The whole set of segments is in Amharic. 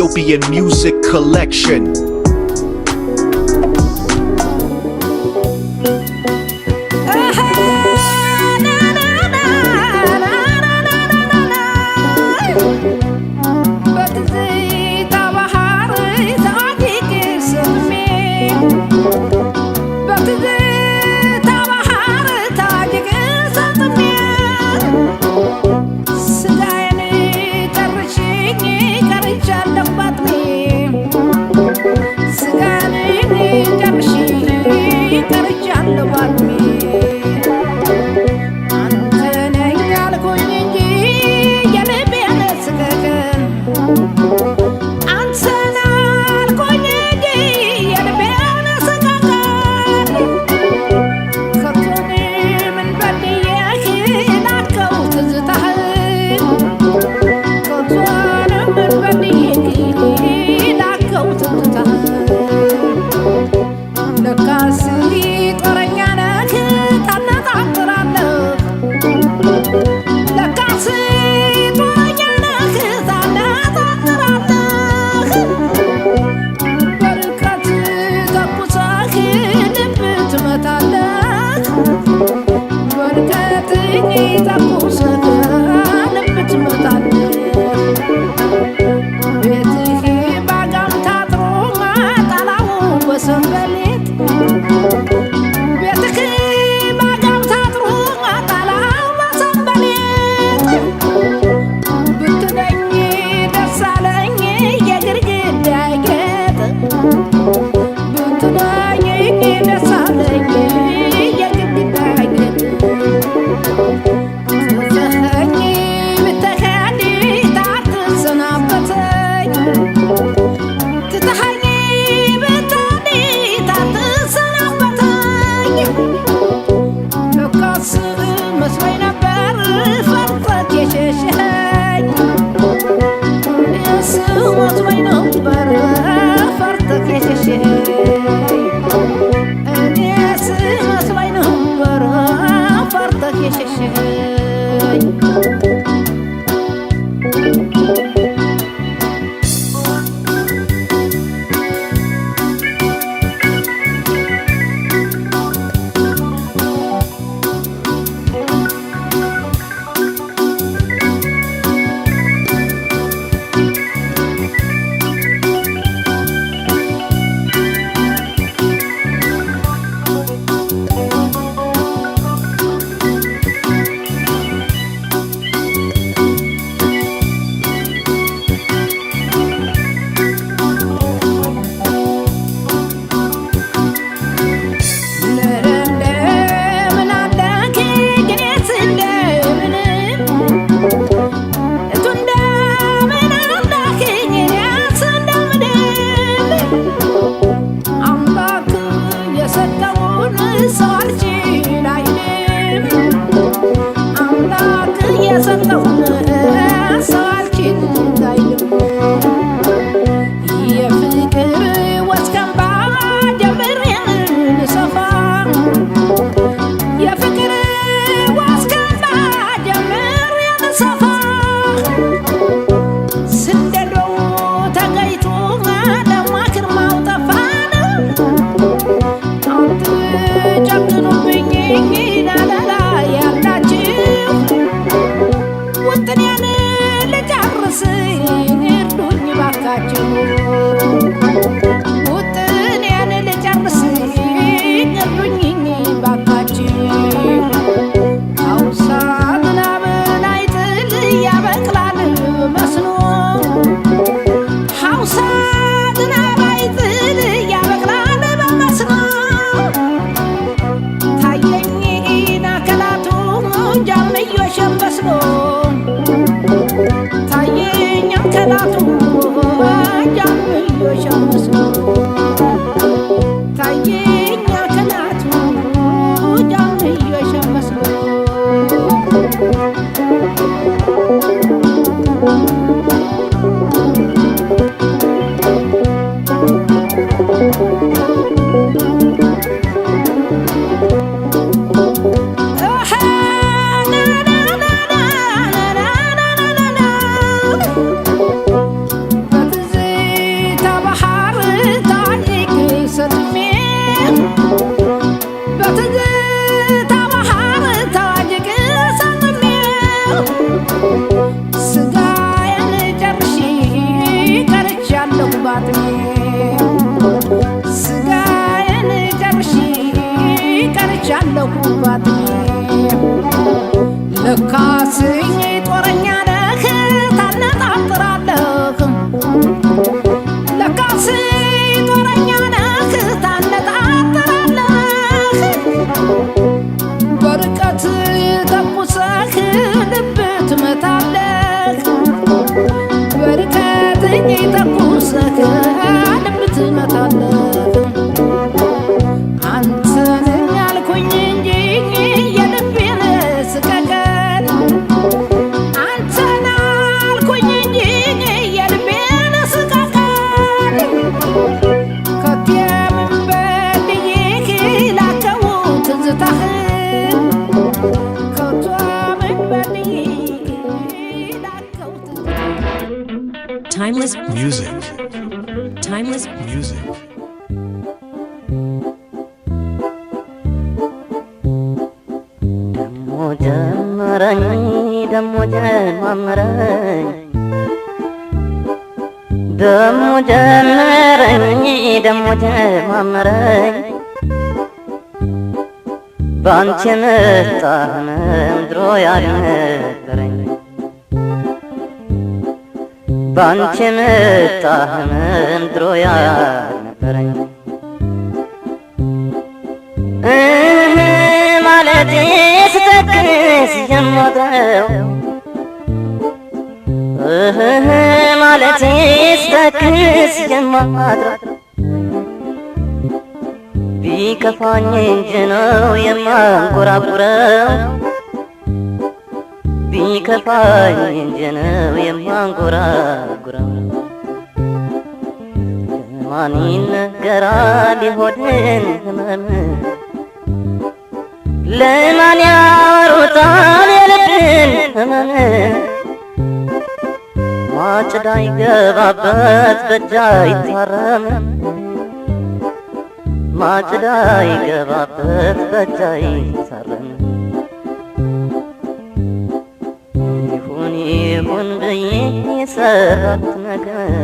Ethiopian music collection. አንቺ መጣ ምንም ድሮ ያልነበረኝ ባንቺ መጣህ ምንም ድሮ ያልነበረኝ ማለቴ ስተክስ የምወደው ማለቴ ስተክስ የማድረግ ቢከፋኝ እንጂ ነው የማንጎራጉረው ቢከፋኝ እንጂ ነው የማንጎራጉረው ለማን ይነገራል የሆድን ህመም ለማን ያወሩታል የልብን ህመም ማጭዳ ይገባበት በጃ ይታረም ማጭዳ ይገባበት በጃይ ሳረን ይሁን ይሁን ብዬ የሰራት ነገር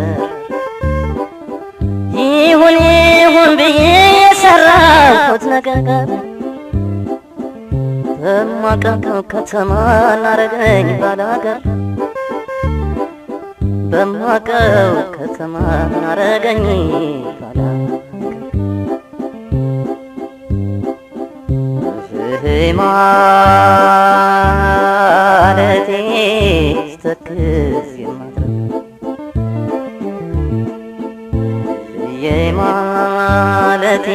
ይሁን ይሁን ብዬ የሰራሁት ነገር በማቀቀው ከተማ ናረገኝ ባላገር በማቀው ከተማ ናረገኝ ባላገር ማለቴ የማለቴ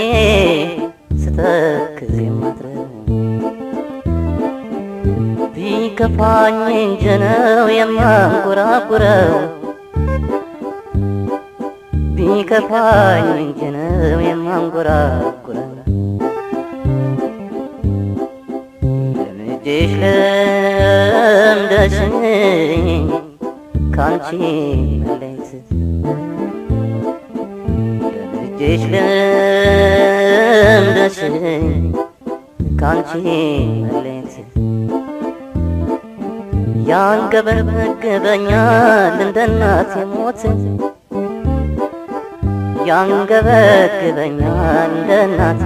ስተክስ የማትረብ ቢከፋኝ እንጂ ነው የማንጎራጉረው ቢከፋኝ እንጂ ነው የማንጎራጉረው እጅሽ ለምደሽኝ ካንቺ መለየት እጅሽ ለምደሽኝ ካንቺ መለየት ያንገበግበኛል እንደ እናቴ ሞት ያንገበግበኛል እንደ እናቴ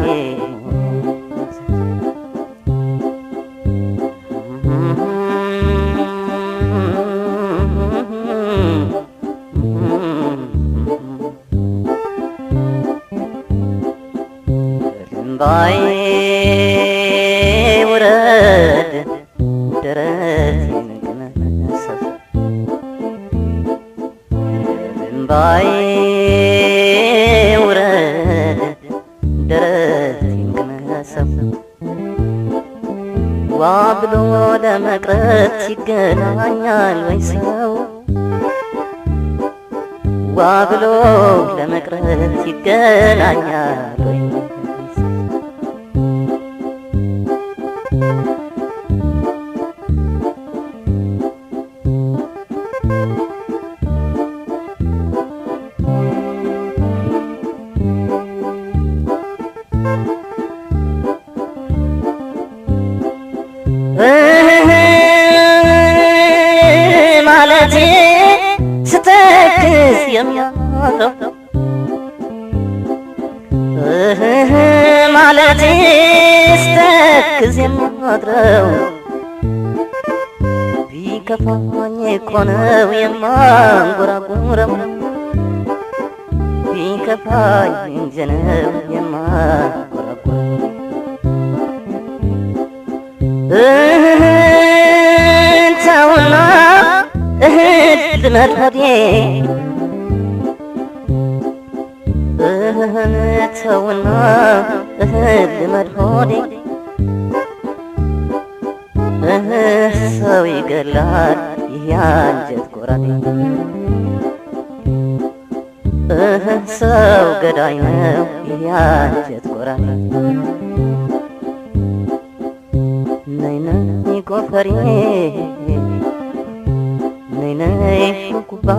ጊዜ የማድረው ቢከፋኝ እኮ ነው የማንጎራጉረው ቢከፋኝ እንጂ ነው የማንጎራጉረው ተውና እህል ልመረዴ ተውና እህል ልመርሆዴ ሰው ይገላል ይህ የአንጀት ቆራጤ ሰው ገዳይ ነው ይህ የአንጀት ቆራጤ ነይነይ ጎፈሬ ነይነይ ሹኩባ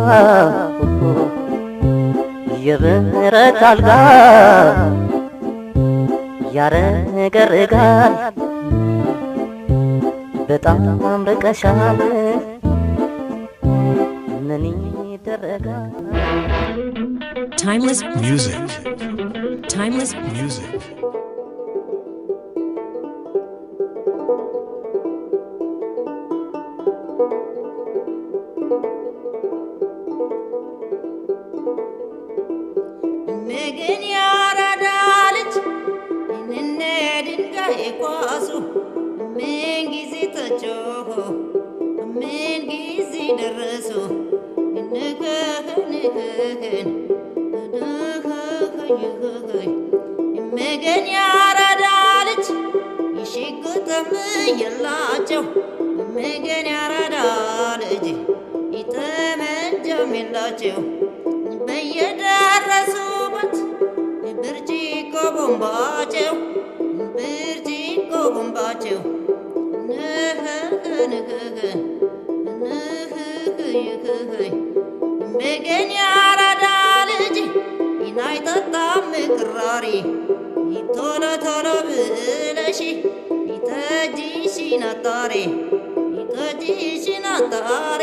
የብረት አልጋ ያረገርጋል በጣም ርቀሻል፣ ምን ይደረጋል? Timeless music. Timeless music. ያላቸው በየደረሱበት ብርጭቆ ቡንባቸው ብርጭቆ ቡንባቸው ንህህ ንህህ ንህህ ይህህ በገኝ አራዳ ልጅ ይናይጠጣም ክራሪ ቶሎ ቶሎ ብለሽ ይተጂሽናጣሪ ይተጂሽናጣሪ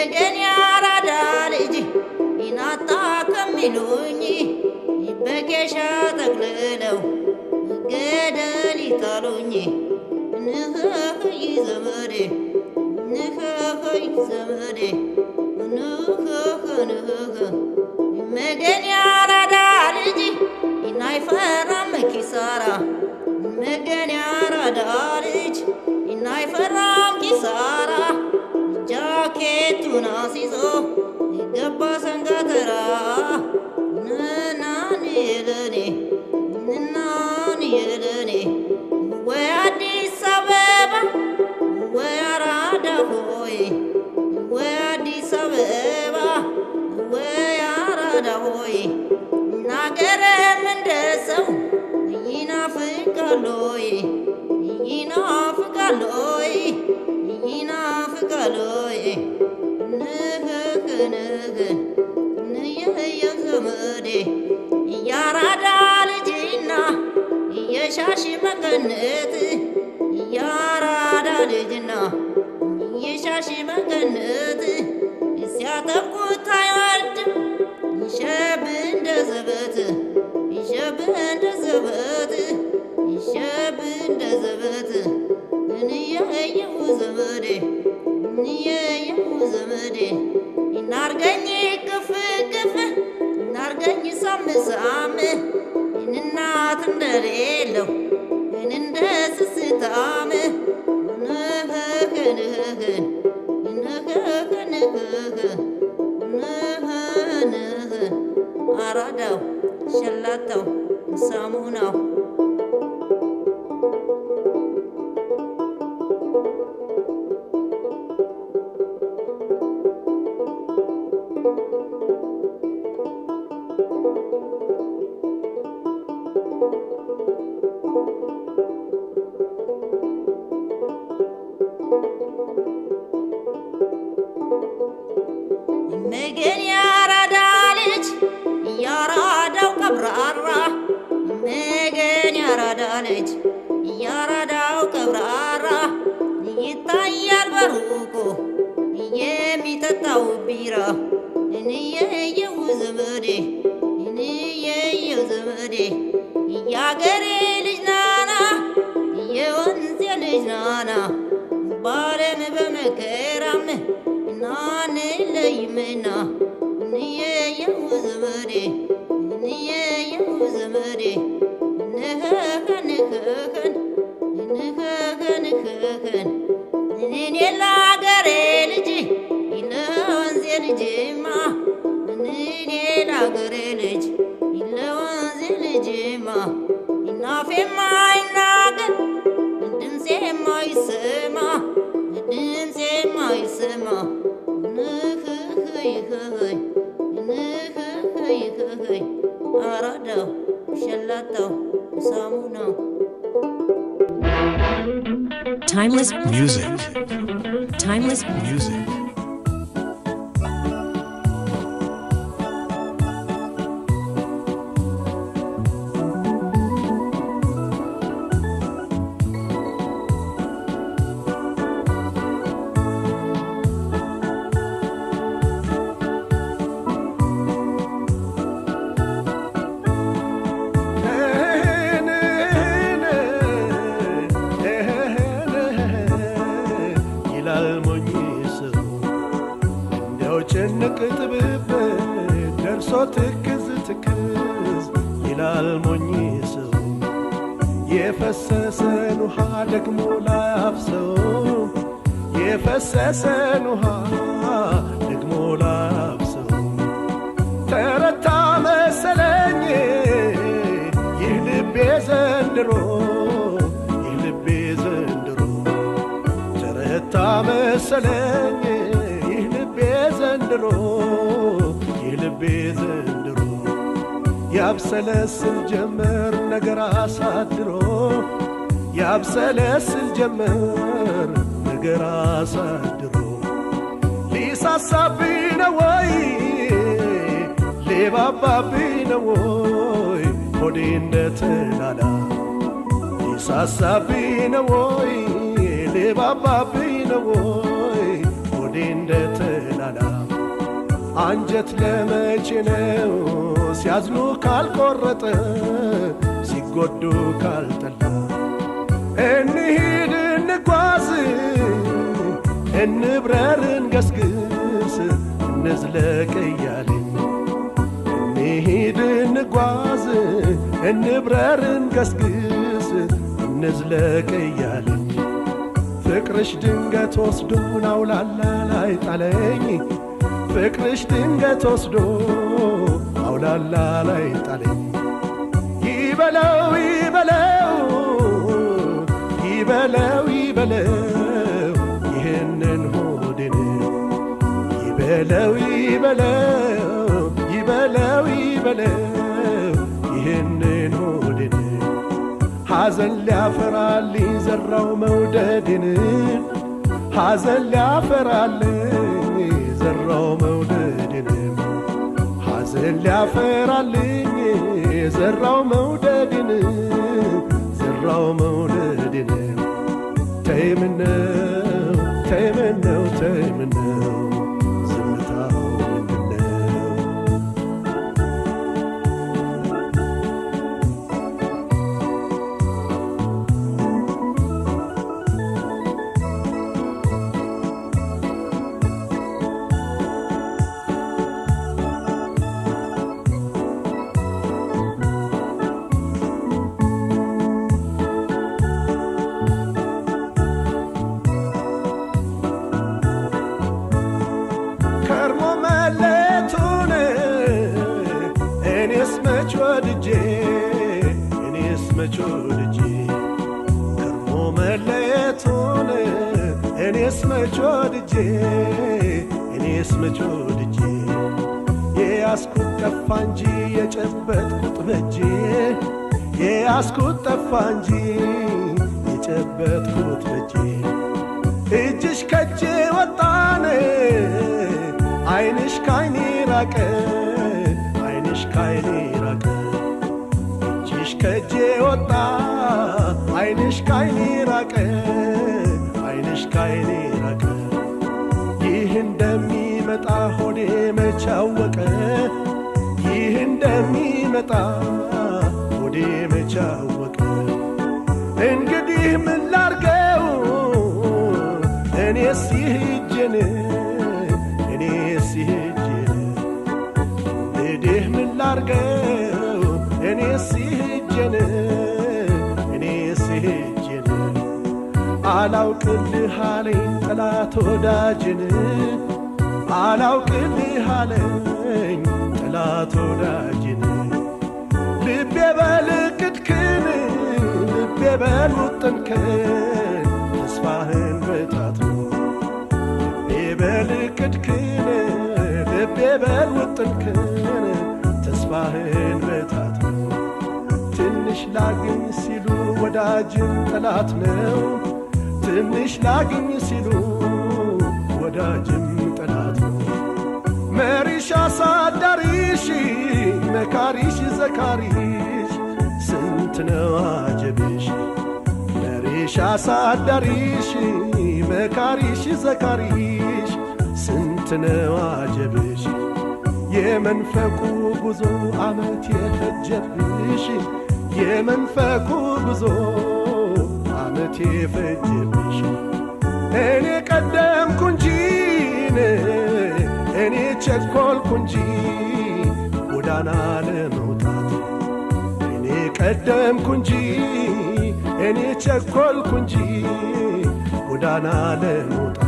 የደኔ አራዳ ልጅ ይናታ ከሚሉኝ በጌሻ ተክልለው ገደል ይጣሉኝ ንኸኸይ ዘመዴ ንኸኸይ ዘመዴ ንኸኸ ንኸኸ መደኔ አራዳ ልጅ ይናይፈራም ኪሳራ መገኔ አራዳ ልጅ ይናይፈራም ኪሳራ ኬቱን አሲዞ ይገባ ሰንጋተራ ንናን የለኔ ንናን የለኔ ወይ አዲስ አበባ ወይ አራዳ ሆይ ወይ አዲስ አበባ ወይ አራዳ ሆይ ይናፍቃለሁ የሻሽ መቀነት ያራዳ ልጅና የሻሽ መቀነት ሲያጠቁታ Amen. የሚጠጣው ቢራ እንየየው ዘመዴ እንየየው ዘመዴ እያገሬ ልጅ ናና የወንዜ ልጅ ናና ባለም በመከራም Timeless music. Timeless music. የፈሰሰን ውሃ ደግሞ ላያፍሰው የፈሰሰን ውሃ ደግሞ ላያፍሰው ተረታ መሰለኝ ይህ ልቤ ዘንድሮ ይህ ልቤ ዘንድሮ ተረታ መሰለኝ ይህ ልቤ ዘንድሮ ይህ ልቤ ዘንድሮ ያብሰለስል ጀመር ነገር አሳድሮ ያብሰለስል ነገር አሳድሮ ነው ወይ ነው ወይ ሆዴ ነው ወይ ነው ወይ አንጀት ለመቼ ነው ሲያዝኑ ካልቆረጠ ሲጎዱ ካልጠላ እንሂድ እንጓዝ እንብረር እንገስግስ እንዝለቅ እያለኝ እንሂድ እንጓዝ እንብረር እንገስግስ እንዝለቅ እያለኝ ፍቅርሽ ድንገት ወስዶን አውላላ ላይ ጣለኝ ፍቅርሽ ድንገት ወስዶ አውላላ ላይ ጣለኝ። ይበለው ይበለው ይበለው ይበለው ይህንን ሆድን ይበለው ይበለው ይበለው ይበለው ይህንን ሆድን ሐዘን ሊያፈራልኝ ዘራው መውደድን ሐዘን ሊያፈራልኝ የሰራው መውደድንም ሐዘን ሊያፈራልኝ የዘራው መውደድን ዘራው መውደድንም ተይምነው ተይምነው ተይምነው የምትመጪው ልጄ ከርሞ መለየቱን እኔስ መቼ እኔስ የያዝኩት ጠፋ እንጂ የጨበጥኩት የያዝኩት ጠፋ እንጂ የጨበጥኩት እጅሽ አይንሽ ካይኔ ራቀ አይንሽ ካይኔ ከእጄ ወጣ አይንሽ ካይኔ ራቀ አይንሽ ካይኔ ራቀ ይህ እንደሚመጣ ሆዴ መች አወቀ ይህ እንደሚመጣ ሆዴ አወቀ እንግዲህ ምን ላርገው እኔስ ይህ እጄን አላውቅልህ አለኝ ጠላት ወዳጅን አላውቅልህ አለኝ ጠላት ወዳጅን ልቤ በልቅድክን ልቤ በልውጥንክን ተስፋህን በታት ልቤ በልቅድክን ልቤ በልውጥንክን ተስፋህን በታት ትንሽ ላግኝ ሲሉ ወዳጅን ጠላት ነው ትንሽ ላግኝ ሲሉ ወዳጅም ጠላት መሪሽ አሳዳሪሽ፣ መካሪሽ ዘካሪሽ ስንት ነው አጀብሽ። መሪሽ አሳዳሪሽ፣ መካሪሽ ዘካሪሽ ስንት ነው አጀብሽ። የመንፈቁ ጉዞ አመት የፈጀብሽ የመንፈቁ ጉዞ ዓመት የፈጀብሽ እኔ ቀደምኩ እንጂ እኔ ቸኮልኩ እንጂ ጎዳና ለመውጣት እኔ ቀደምኩ እንጂ እኔ ቸኮልኩ እንጂ ጎዳና ለመውጣት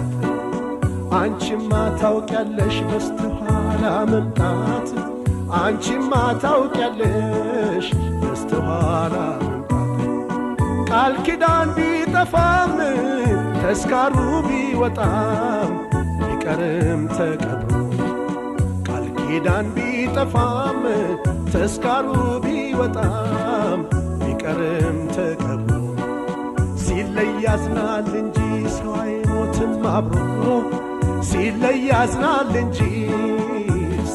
አንቺማ ታውቂያለሽ በስተኋላ መምጣት አንቺማ ታውቂያለሽ በስተኋላ ቃል ኪዳን ቢጠፋም ተስካሩ ቢወጣም ቢቀርም ተቀብሮ ቃል ኪዳን ቢጠፋም ተስካሩ ቢወጣም ቢቀርም ተቀብሮ ሲለይ ያዝናል እንጂ ሰው አይሞትም አብሮ ሲለይ ያዝናል እንጂ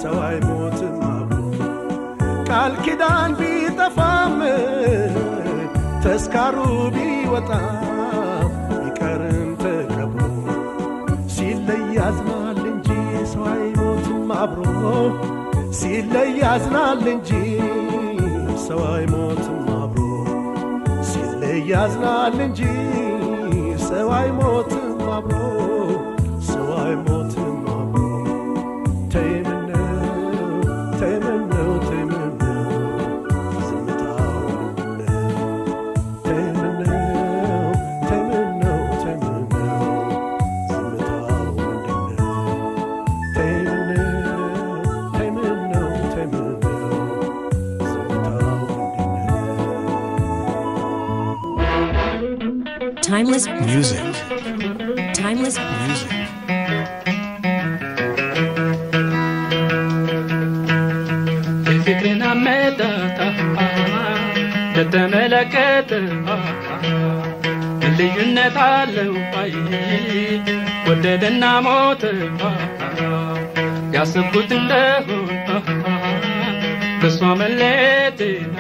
ሰው አይሞትም አብሮ ቃል ኪዳን ቢጠፋም ተስካሩ ቢወጣ ይቀርም ተቀብሮ ሲለይ ያዝናል እንጂ ሰው አይሞትም አብሮ ሲለይ ያዝናል እንጂ ሰው አይሞትም አብሮ ሲለይ ያዝናል እንጂ ሰው አይሞትም አብሮ Timeless, Timeless music. Timeless music. በፊትና መጣ ከተመለከተ ልዩነት አለው አይ ወደደና ሞተ ያሰብኩት እንደሆን በእሷ መለቴና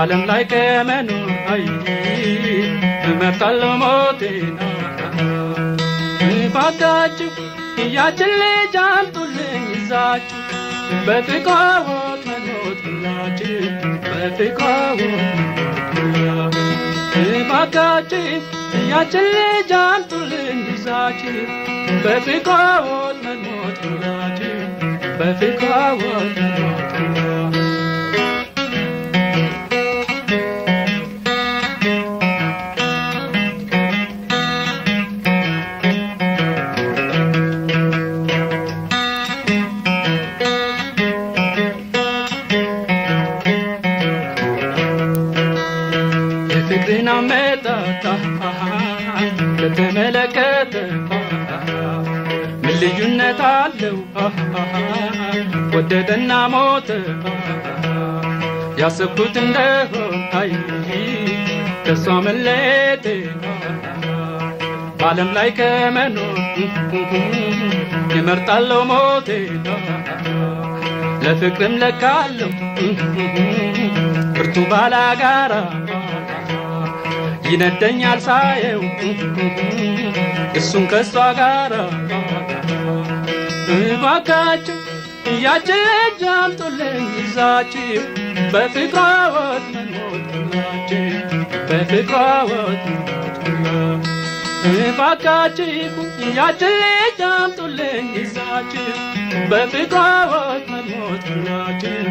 ዓለም ላይ ከመኖራይ እመርጣለሁ ሞቴና ባካችሁ እያችን ልጅ አምጡልኝ ይዛችሁ በፍቅሮት መኖት ሁላችሁ በፍቅሮት እያችን ልጅ አምጡልኝ ይዛችሁ በፍቅሮት መኖት ሁላችሁ በፍቅሮት ያሰብኩት እንደሆን አይ ከእሷ መለየቴ በዓለም ላይ ከመኖር ይመርጣለው ሞቴ ለፍቅርም ለካለው ብርቱ ባላ ጋራ ይነደኛል ሳየው እሱን ከእሷ ጋራ እባካችሁ እያጀጃምጡልኝ ይዛችው በፍቅሯ ወትሞት ሁላችን በፍቅሯ ወትሞት ሁላ እባካችሁ ያችን አምጡልኝ ይዛችን በፍቅሯ ወትሞት ሁላችን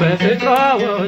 በፍቅሯ